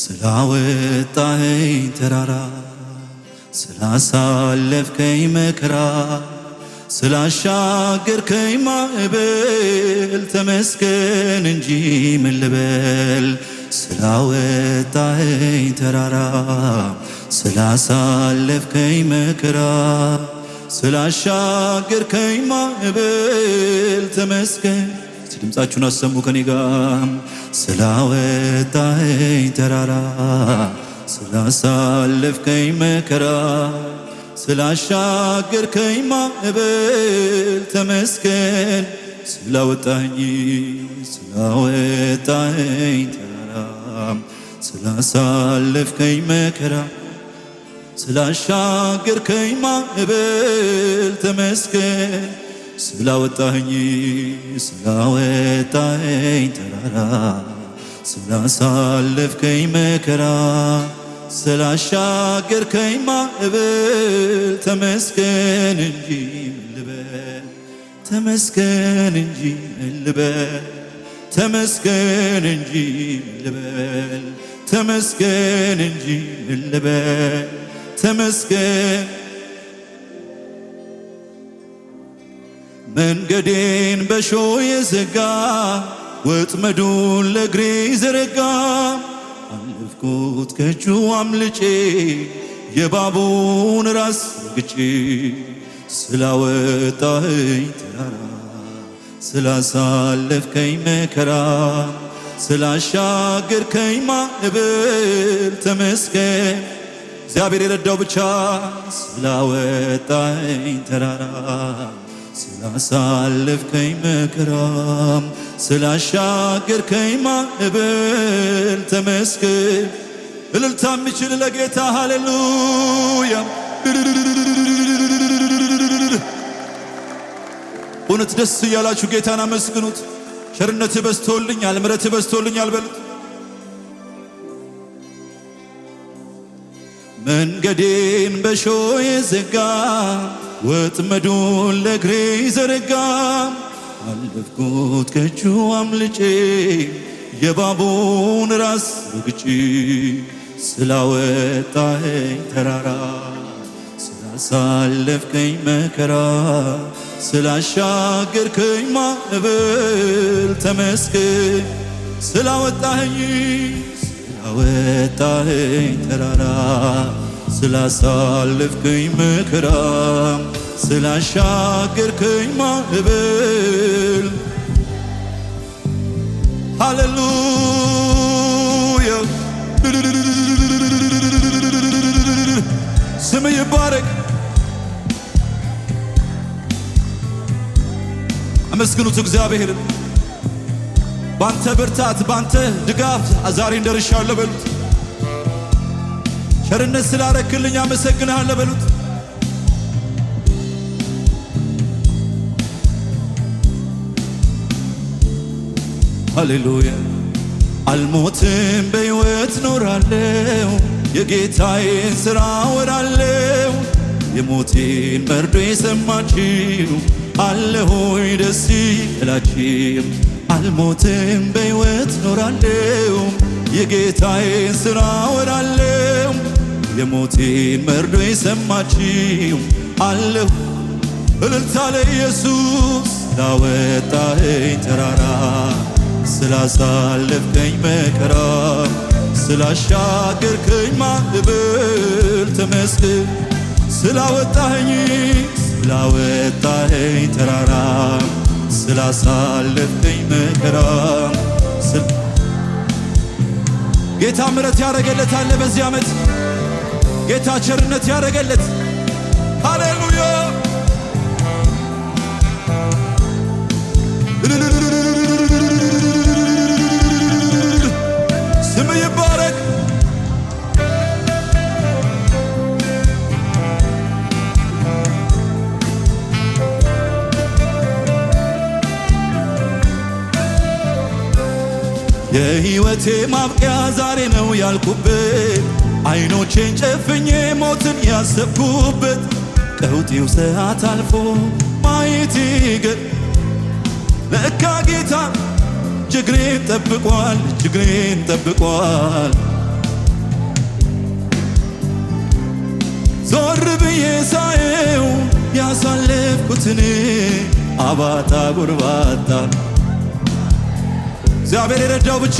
ስላወጣኸኝ ተራራ ስላሳለፍከኝ መከራ ስላሻገርከኝ ማዕበል ተመስገን እንጂ ምልበል ልበል። ስላወጣኸኝ ተራራ ስላሳለፍከኝ መከራ ስላሻገርከኝ ማዕበል ተመስገን ድምፃችሁን አሰሙ ከኔ ጋር ስላወጣኸኝ ተራራ ስላሳለፍከኝ መከራ ስላሻገርከኝ ማዕበል ተመስገን ስላወጣኝ ስላወጣኝ ተራራ ስላሳለፍከኝ መከራ ስላሻገርከኝ ማዕበል ተመስገን ስላወጣኝ ስላወጣኝ ተራራ ስላሳለፍከኝ መከራ ስላሻገርከኝ ማዕበል ተመስገን እንጂ ልበል ተመስገን እንጂ ልበል ተመስገን እንጂ ልበል ተመስገን እንጂ ልበል ተመስገን መንገዴን በእሾህ የዘጋ ወጥመዱን ለእግሬ ዘረጋ። አለፍኩት ከእጁ አምልጬ የባቡን ራስ ረግጬ ስላወጣኸኝ ተራራ ስላሳለፍከኝ መከራ ስላሻገርከኝ ማዕበል ተመስገን እግዚአብሔር የረዳው ብቻ ስላወጣኝ ተራራ ስላሳልፍከኝ መከራም ስላሻገርከኝ ማዕበል ተመስገን። እልልታ የሚችል ለጌታ ሃሌሉያ። እውነት ደስ እያላችሁ ጌታን አመስግኑት። ቸርነት በዝቶልኛል፣ ምረት በዝቶልኛል በሉት። መንገዴን በሾህ የዘጋ ወጥመዱን ለግሬ ዘረጋ አለፍኩት ከእጁ አምልጬ የባቡን ራስ ረግጬ ስላወጣኸኝ ተራራ ስላሳለፍከኝ መከራ ስላሻገርከኝ ማዕበል ተመስገን ስላወጣኸኝ ስላወጣኸኝ ተራራ ስላሳልፍከኝ መከራ ስላሻገርከኝ ማዕበል ሃሌሉያ ስም ይባረክ። አመስግኑት እግዚአብሔርን። ባንተ ብርታት፣ ባንተ ድጋፍ ዛሬ እንደርሻለሁ በሉት። ቸርነት ስላረክልኝ አመሰግንሃለሁ በሉት። ሃሌሉያ አልሞትም በሕይወት ኖራለው የጌታዬን ሥራ ወራለው የሞቴን መርዶ የሰማችው አለሆይ ደስ እላችም አልሞትም በሕይወት ኖራለው የጌታዬን ሥራ ወራለው የሞቴን መርዶ የሰማችው አለሁ እልልታ ለኢየሱስ ላወጣኸኝ ተራራ ስላሳለፍከኝ መከራ ስላሻገርከኝ ማዕበል ተመስገን ስላወጣኸኝ ስላወጣኸኝ ተራራ ስላሳለፍከኝ መከራ ጌታ ምሕረት ያደረገለታል በዚህ ዓመት ጌታ ቸርነት ያደረገለት ሃሌሉያ ስም ይባረክ። የሕይወቴ ማብቂያ ዛሬ ነው ያልኩብን አይኖቼን ጨፍኜ ሞትን ያሰብኩበት ቀውጢው ሰዓት አልፎ ማየት ግን ለካ ጌታ ጅግሬን ጠብቋል፣ ጅግሬን ጠብቋል። ዞር ብዬ ሳየው ያሳለፍኩትን አባታ ጉርባታ! እግዚአብሔር የረዳው ብቻ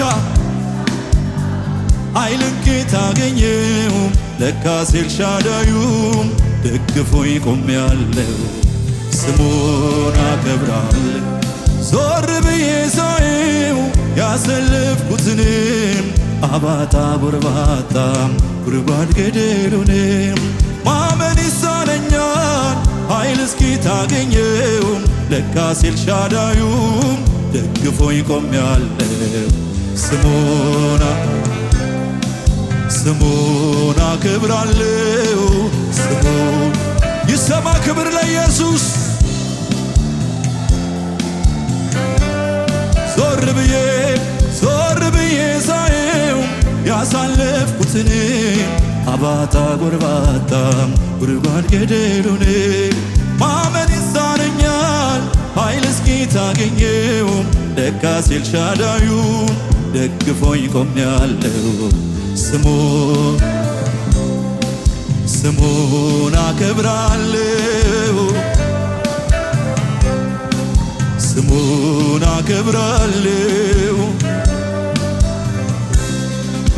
ኃይልን ጌታ አገኘው ለካ ኤልሻዳዩም ደግፎኝ ቆሜያለሁ ስሙን አከብራለሁ ዞር ብዬ ሳየው ያሰለፍኩትንም አባጣ ጎርባጣ ጉድጓድ ገደሉንም ማመን ይሳነኛል ኃይል እስኪ ታገኘውም ለካስ ኤልሻዳዩም ደግፎኝ ቆሜያለሁ ስሙን ስሙን አክብራለሁ። ስሙ ይሰማ። ክብር ለኢየሱስ። ዞር ብዬ ዞር ብዬ ሳየው ያሳለፍኩትን አባጣ ጎርባጣ ጉድጓድ ገደሉን ማመን ይሳነኛል ኃይል እስኪ ታገኘው ደካስ ኤልሻዳዩ ደግፎኝ ቆሜያለሁ ስሙን ስሙን አከብራለሁ ስሙን አከብራለሁ።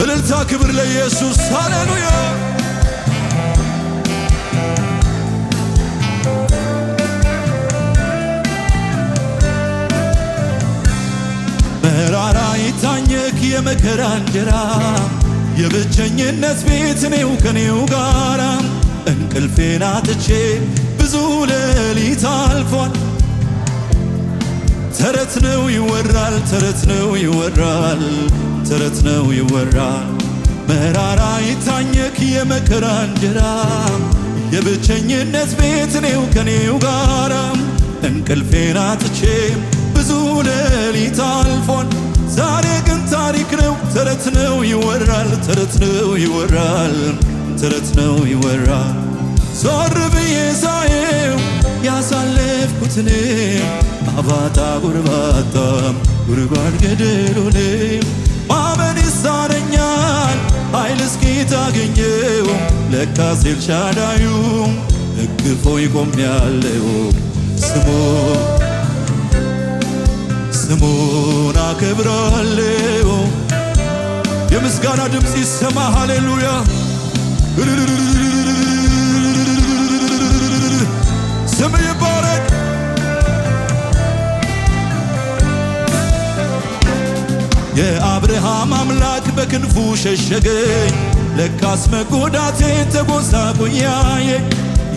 እልልታ ክብር ለኢየሱስ ሃሌሉያ። መራራ ይታኘክ የመከራ እንጀራ የብቸኝነት ቤት እኔው ከኔው ጋራ እንቅልፌን አጥቼ ብዙ ሌሊት አልፏል። ተረት ነው ይወራል፣ ተረት ነው ይወራል፣ ተረት ነው ይወራል። መራራ ይታኘክ የመከራ እንጀራ የብቸኝነት ቤት እኔው ከኔው ጋራ እንቅልፌን አጥቼ ብዙ ሌሊት አልፏል። ዛሬ ግን ታሪክ ነው፣ ተረት ነው ይወራል፣ ተረት ነው ይወራል፣ ተረት ነው ይወራል። ዞር ብዬ ሳየው ያሳለፍኩትን አባጣ ጎርባጣ ጉድጓድ ገደሉን ማመን ይሳነኛል ኃይል እስኪ ለካ ለካስ ኤልሻዳዩ ደግፎ ይቆም ስሙን አከብራለሁ። የምስጋና ድምፅ ይሰማ። ሃሌሉያ ስም ይባረክ። የአብርሃም አምላክ በክንፉ ሸሸገኝ፣ ለካስ መጎዳቴ ተጎሳቆያየ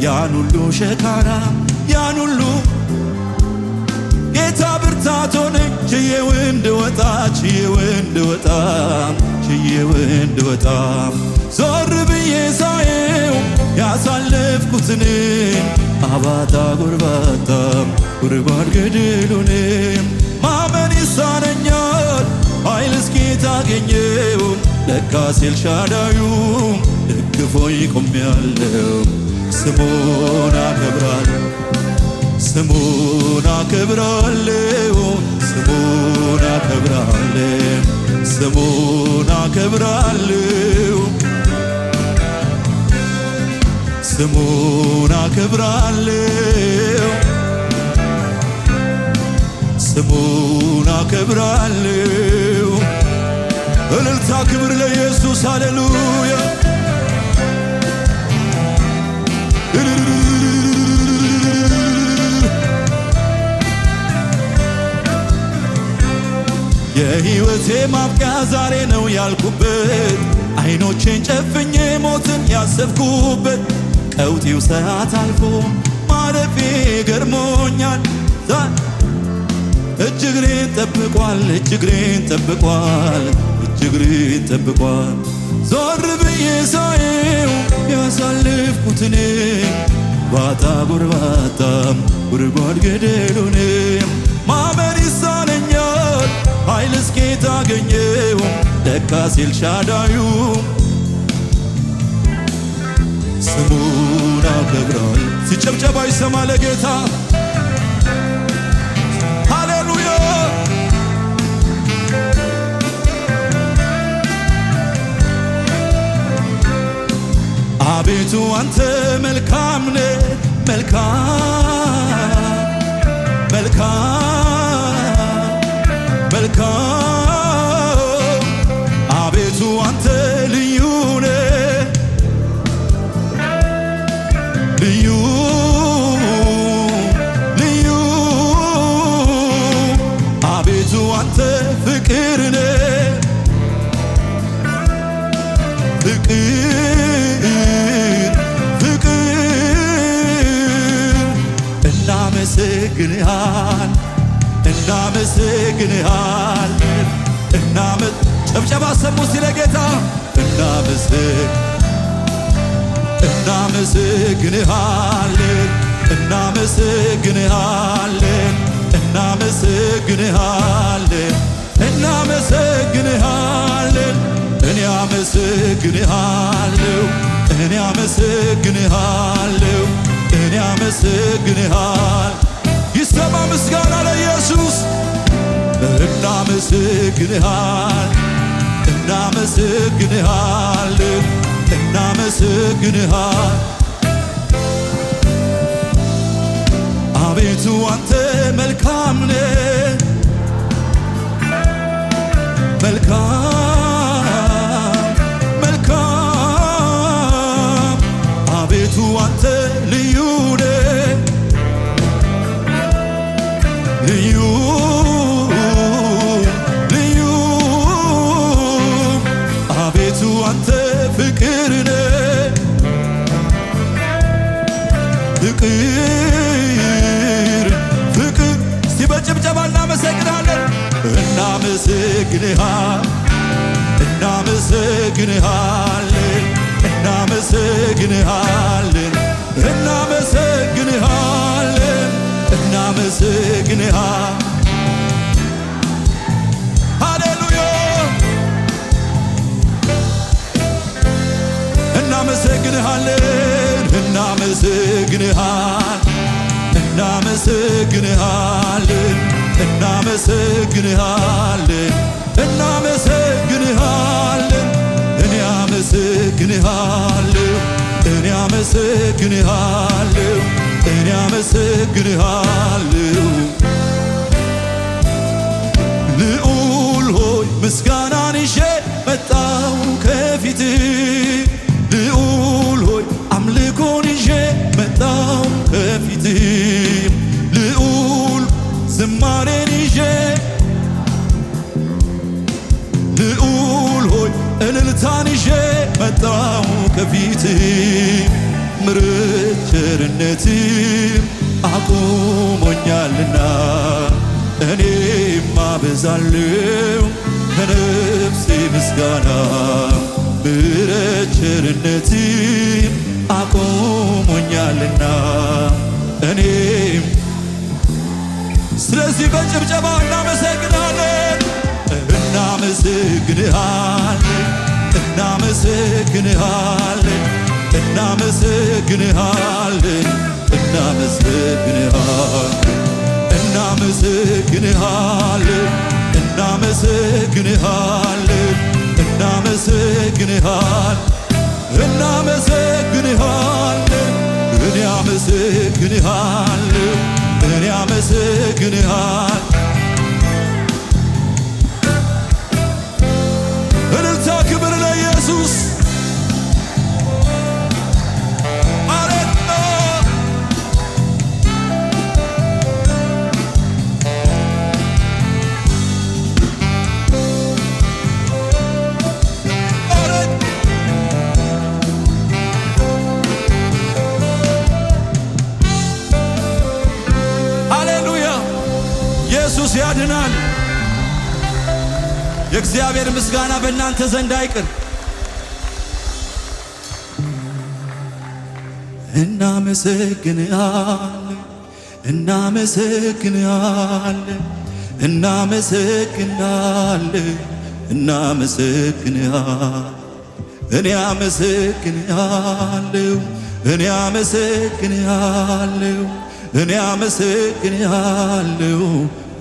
ያን ሁሉ ሸካራ ያን ሁሉ ጌታ ብርታት ሆነኝ ችዬው እንድወጣ ችዬው እንድወጣ ችዬው እንድወጣ ዞር ብዬ ሳየው ያሳለፍኩትን አባታ ጎርባታ ጉድጓድ ገድሉን ማመን ይሳነኛል ኃይል እስኪ ታገኘው ለካስ ኤልሻዳዩ ደግፎኝ ቆሜያለሁ ስሙን አከብራለሁ ስሙን አከብራለሁ ስሙን አከብራለሁ ስሙን አከብራለሁ ስሙን አከብራለሁ ስሙን አከብራለሁ እልልታ ክብር ለኢየሱስ ሃሌሉያ የሕይወቴ ማብቂያ ዛሬ ነው ያልኩበት አይኖቼን ጨፍኜ ሞትን ያሰብኩበት ቀውጢው ሰዓት አልፎ ማረፌ ገርሞኛል። እጅግሬን ጠብቋል እጅግሬን ጠብቋል እጅግሬን ጠብቋል። ዞር ብዬ ሳየው ያሳልፍኩትን ባጣ ጎርባታም ጉድጓድ ገደሉን ማመን ይሳነኛል ኃይል እስኬት አገኘው ለካ ለካስ ኤልሻዳዩ ስሙን አከብራል ሲጨብጨባ ይሰማ ለጌታ ሃሌሉያ አቤቱ አንተ መልካም ነ መልካም መልካም መልካም አቤቱ አንተ ልዩነ ልዩ ልዩ አቤቱ አንተ ፍቅርነ ፍቅር ፍቅር እናመሰግንሃል እናመሰግንሃል እናመ ጨብጨባ ሰሙ ሲለ ጌታ እናመሰግ እናመሰግንሃለን እናመሰግንሃለን እናመሰግንሃለን እናመሰግንሃለን እኔ አመሰግንሃለሁ እኔ አመሰግንሃለሁ እኔ አመሰግንሃል የሚሰማ ምስጋና ለኢየሱስ እናመሰግንሃል እናመሰግንሃል እናመሰግንሃል አቤቱ አንተ መልካም ነህ መልካም እናመሰግንሃለን እናመሰግንሃለን እናመሰግንሃለን እኔ አመሰግንሃለሁ እኔ አመሰግንሃለሁ እኔ አመሰግንሃለሁ ልዑል ሆይ ምስጋና መጣው ከፊት ምሕረት ቸርነት አቁሞኛልና እኔም አበዛለው ከነፍሴ ምስጋና ምሕረት ቸርነት አቁሞኛልና እኔም ስለዚህ በጭብጨባ እናመሰግናለን እናመሰግንሃለን እናመሰግንሃለን እናመሰግንሃለን እናመሰግንሃለን እናመሰግንሃለን እናመሰግንሃለን እናመሰግንሃል እናመሰግንሃለን እኔ አመሰግንሃለሁ እኔ አመሰግንሃል ጌታ ክብር ለኢየሱስ የእግዚአብሔር ምስጋና በእናንተ ዘንድ አይቅር። እናመሰግንሃለን፣ እናመሰግንሃለን፣ እናመሰግንሃለን፣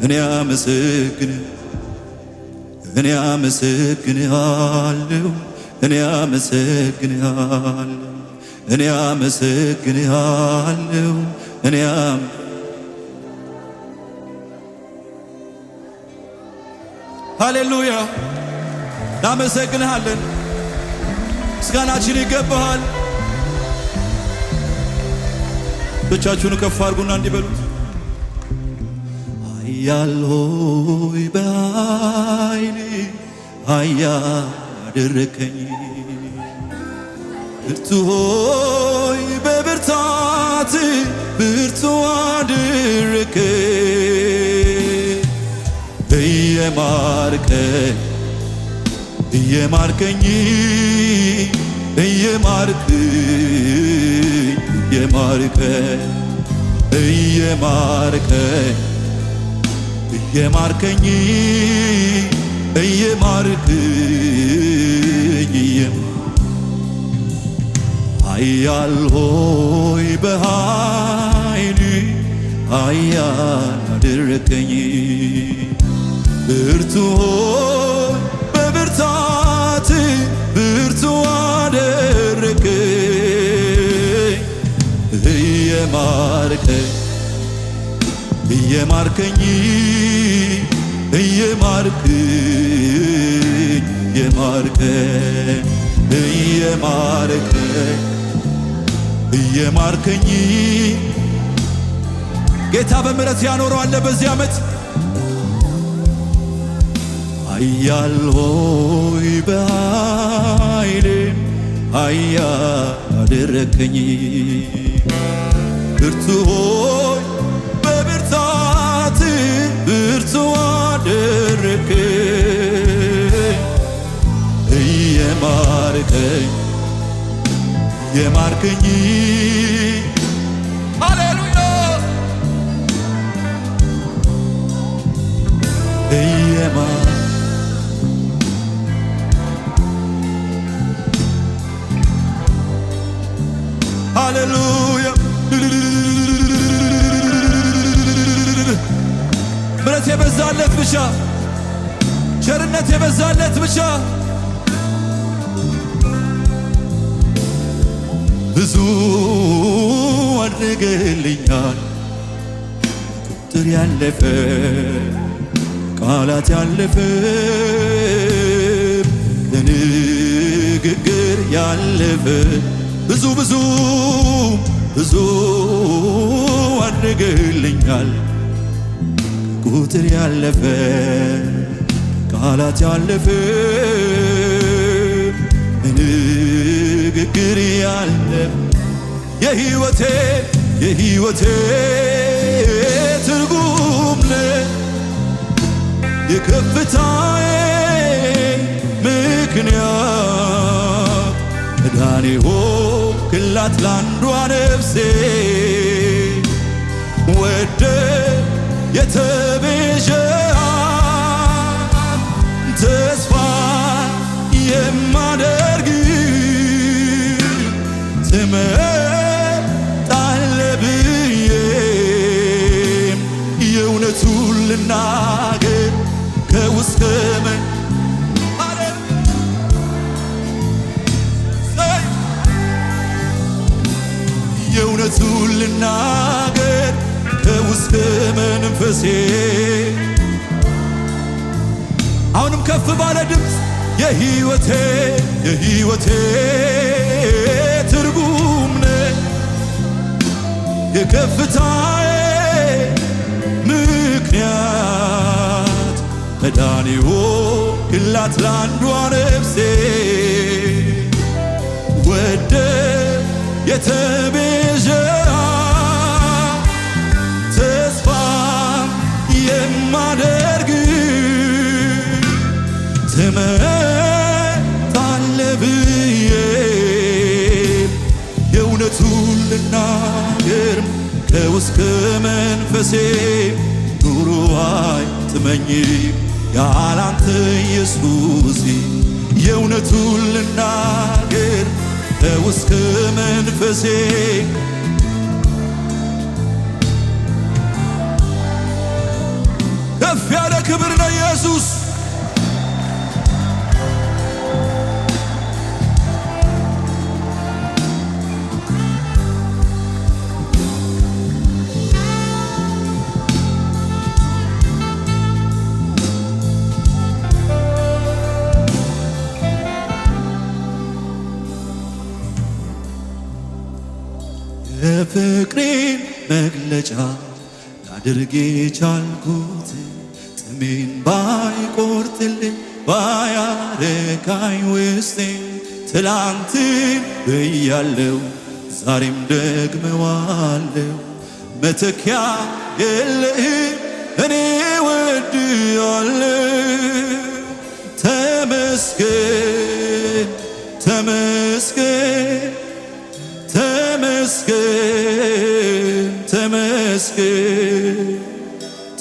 እኔ አመሰግንሃለሁ እኔ አመሰግንሃለሁ እኔ አመሰግንሃለሁ እኔ አመሰግንሃለሁ እኔ ሃሌሉያ እናመሰግንሃለን። ምስጋናችን ይገባሃል። ብቻችሁን ከፍ አድርጉና እንዲበሉት እያልሆይ በአይኔ አያደረከኝ ብርቱ ሆይ በብርታት ብርቱ አድርክ እየማርከ እየማርከኝ እየማርክ እየማርከ እየማርከ እየማርከኝ እየማርክኝም ኃያል ሆይ በኃይል ኃያል አደረከኝ ብርቱ ሆይ በብርታት ብርቱ አደረከኝ እየማርከኝ እየማርከኝ እየማርክኝ የማርከኝ እየማርከኝ እየማርከኝ ጌታ በምሕረት ያኖረው በዚህ ዓመት ኃያል ሆይ በኃይሌ ኃያል አደረከኝ ብርቱ Marte e Marcanghi Alleluia Ei e Marte Aleluia. ምሕረት የበዛለት ብቻ ቸርነት የበዛለት ብቻ ብዙ አድርገልኛል ቁጥር ያለፈ ቃላት ያለፈ ለንግግር ያለፈ ብዙ ብዙ ብዙ አድርግልኛል ቁጥር ያለፈ ቃላት ያለፈ ንግግር ያለ የህይወቴ የህይወቴ ትርጉም ነ የከፍታዬ ምክንያት መዳኔ ክላት ላንዷ ነፍሴ ወደ የተቤዠሃት ተስፋ የማደር ትመጣለህ ብዬ የእውነቱን ልናገር ከውስጥ ምን የእውነቱን ልናገር ከውስጥ መንፈሴ አሁንም ከፍ ባለ ድምፅ የህይወቴ የህይወቴ የከፍታዬ ምክንያት መዳኔዎ ግላት ለአንዷ ነፍሴ ወደ የተቤዠ ተስፋ የማደርግ ከውስጥ መንፈሴ ኑሮዋይ ትመኝ ያላንተ ኢየሱስ የእውነቱን ልናገር ከውስጥ መንፈሴ ከፍ ያለ ክብር ነው ኢየሱስ መግለጫ ላድርግ ቻልኩት ጥሜን ባይቆርጥልኝ ባያረካኝ ውስጤ ትላንትን ብያለው ዛሬም ደግመዋለው መተኪያ የለህም እኔ ወድያለው ተመስገን ተመስገን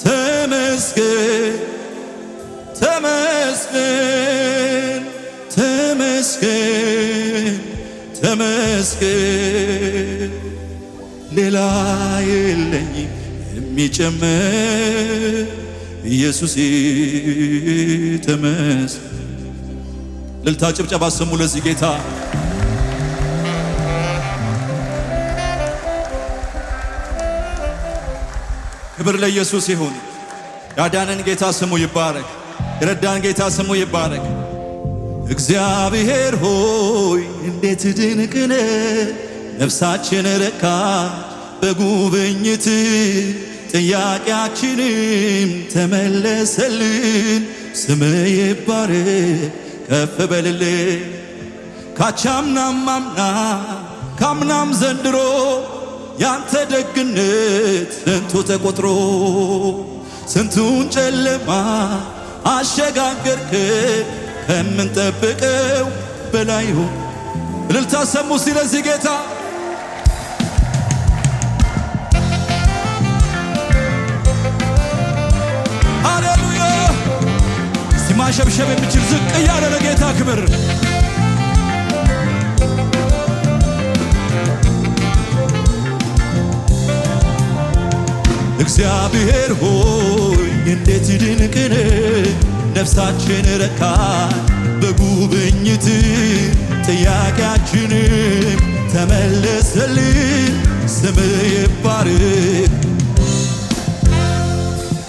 ተመስገን ተመስገን ተመስገን ተመስገን ተመስገን ሌላ የለኝም የሚጨመር ኢየሱስ ተመስገን ልልታ ጭብጨባ ስሙ ለዚህ ጌታ ክብር ለኢየሱስ ይሁን። ያዳነን ጌታ ስሙ ይባረክ። የረዳን ጌታ ስሙ ይባረክ። እግዚአብሔር ሆይ እንዴት ድንቅነ ነፍሳችን ረካ በጉብኝት ጥያቄያችንም ተመለሰልን። ስም ይባረ ከፍ በልል ካቻምናም አምና ካምናም ዘንድሮ ያንተ ደግነት ስንቱ ተቆጥሮ ስንቱን ጨለማ አሸጋገርክ ከምንጠብቀው በላይ ሆን እልልታ ሰሙ ሲለዚህ ጌታ ሃሌሉያ ሲማሸብሸብ የሚችል ዝቅ እያለ ለጌታ ክብር እግዚአብሔር ሆይ እንዴት ድንቅን ነፍሳችን ረካ በጉብኝት ጥያቄያችን ተመለሰልን። ስም ይባርክ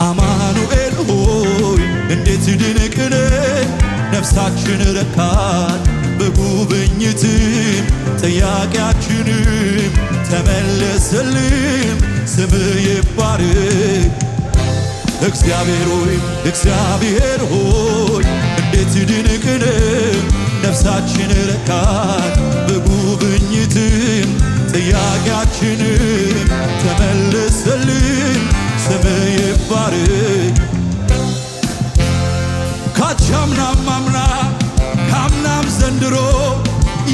አማኑኤል ሆይ እንዴት ድንቅን ነፍሳችን ረካን በጉብኝት ጥያቄያችን ተመለሰልን። ስም ይባረክ። እግዚአብሔር ሆይ እግዚአብሔር ሆይ እንዴት ድንቅን ነፍሳችን ረካት በጉብኝትን ጥያቄያችንን ተመልሰልን ስም ይባረክ። ካቻምናም አምና ካምናም ዘንድሮ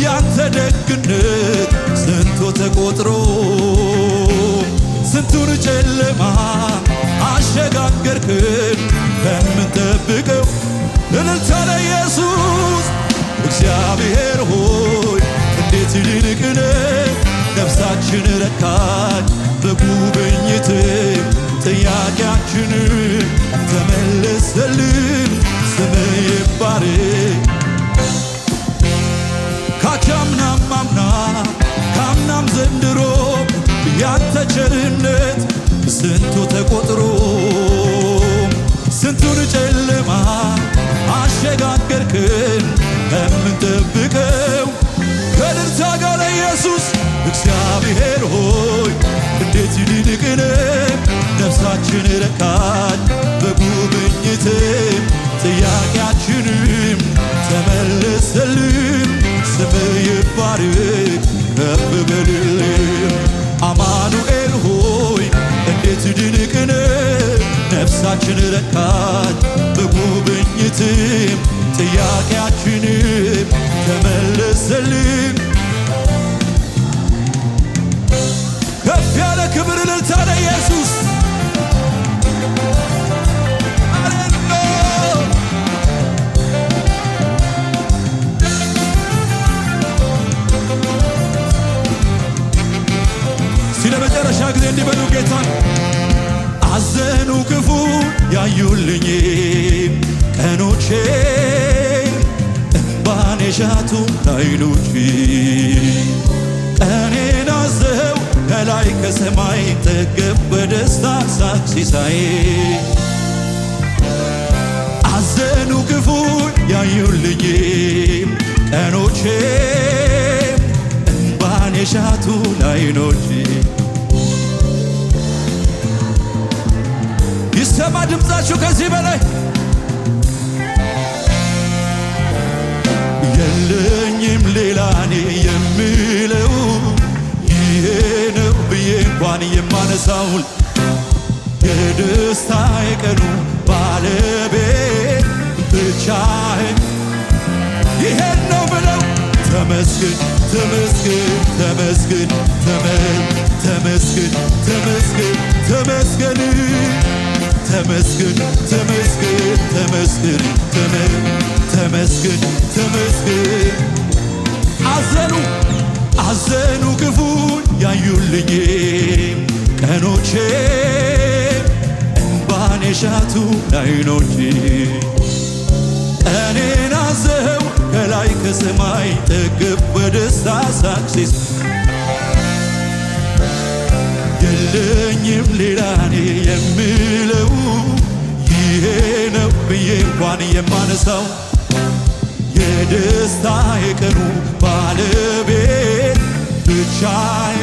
ያንተ ደግነት ስንቶ ተቆጥሮ ስንቱን ጨለማ አሸጋገርክን በምንጠብቀው እልልታ ለኢየሱስ እግዚአብሔር ሆይ እንዴት ሊንቅን ነፍሳችን ረካች በጉብኝት ጥያቄያችን ተመለሰልን ስም ይባር ካቻምናም አምና ካምናም ዘንድሮ ያንተ ቸርነት ስንቱ ተቆጥሮ ጥያቄያችን ተመለሰልን። ከፍ ያለ ክብር እልልታ ለኢየሱስ ሲለ ጊዜ እንዲበሉ ጌታ አዘኑ ክፉ ያዩልኝ ቀኖቼ የሻቱም ታይሉች ቀኔን አዘው ከላይ ከሰማይ ጠገብ በደስታ ሳክሲሳይ አዘኑ ክፉን ያዩልኝም ቀኖቼ እንባን የሻቱን አይኖች ይሰማ ድምፃችሁ ከዚህ በላይ የለኝም ሌላ እኔ የምለው ይሄ ነው ብዬ እንኳን የማነሳውን የደስታ የቀኑ ባለቤት ብቻህን ይሄን ነው ብለው ተመስግን ተመስገን ተመስግን ተመስገን ተመስገን ተመስገን ተመስገን ተመስገን ተመስገን ተመስገን ተመስገን አዘኑ አዘኑ ግፉን ያዩልኝ ቀኖቼ እንባን የሻቱ አይኖቼ እኔን አዘው ከላይ ከሰማይ ጠገብ በደስታ ሳክሲስ የለኝም ሌላ እኔ የምለው ይሄ ነው ብዬ እንኳን የማነሳው የደስታ የቀኑ ባለቤት ብቻዬ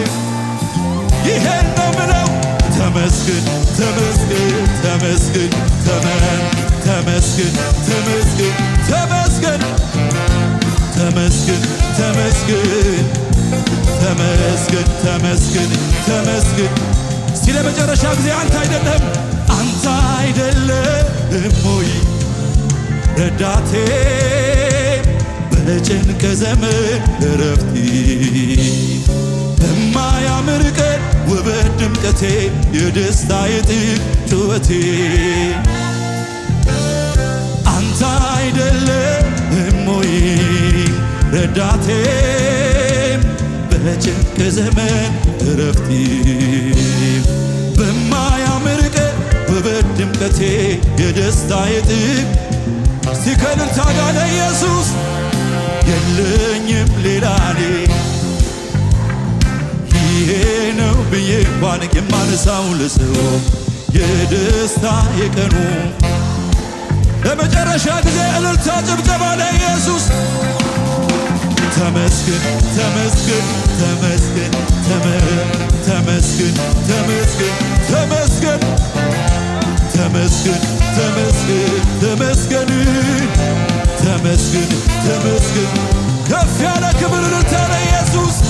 ይሄን ነው ብለው ተመስግን ተመስግን ተመስግን ተመስግን ተመስግን ተመስግን ተመስግን ተመስግን ተመስግን ተመስግን ተመስግን ሲለ መጨረሻ ጊዜ አንተ አይደለም አንተ አይደለም ሞይ ረዳቴ ከጭንቅ ከዘመን እረፍቴ የማያምር ቀን ውበት ድምቀቴ የደስታ ጥግ ጩኸቴ አንተ አይደለ ወይ ረዳቴ በጭንቅ ዘመን እረፍቴ በማያምር ቀን ውበት ድምቀቴ የደስታ ጥግ ሲከልል ታጋለ ኢየሱስ የለኝም ሌላኔ እኔ ይሄ ነው ብዬ እንኳን የማነሳው ለሰው የደስታ የቀኑ ለመጨረሻ ጊዜ እልልታ ጭብጨባ ለኢየሱስ ተመስገን ተመስገን ተመስገን ተመስገን ተመስገን ተመስገን ተመስገን ተመስገን ተመስገን ተመስግን ተመስግን ከፍ ያለ ክብር ለኢየሱስ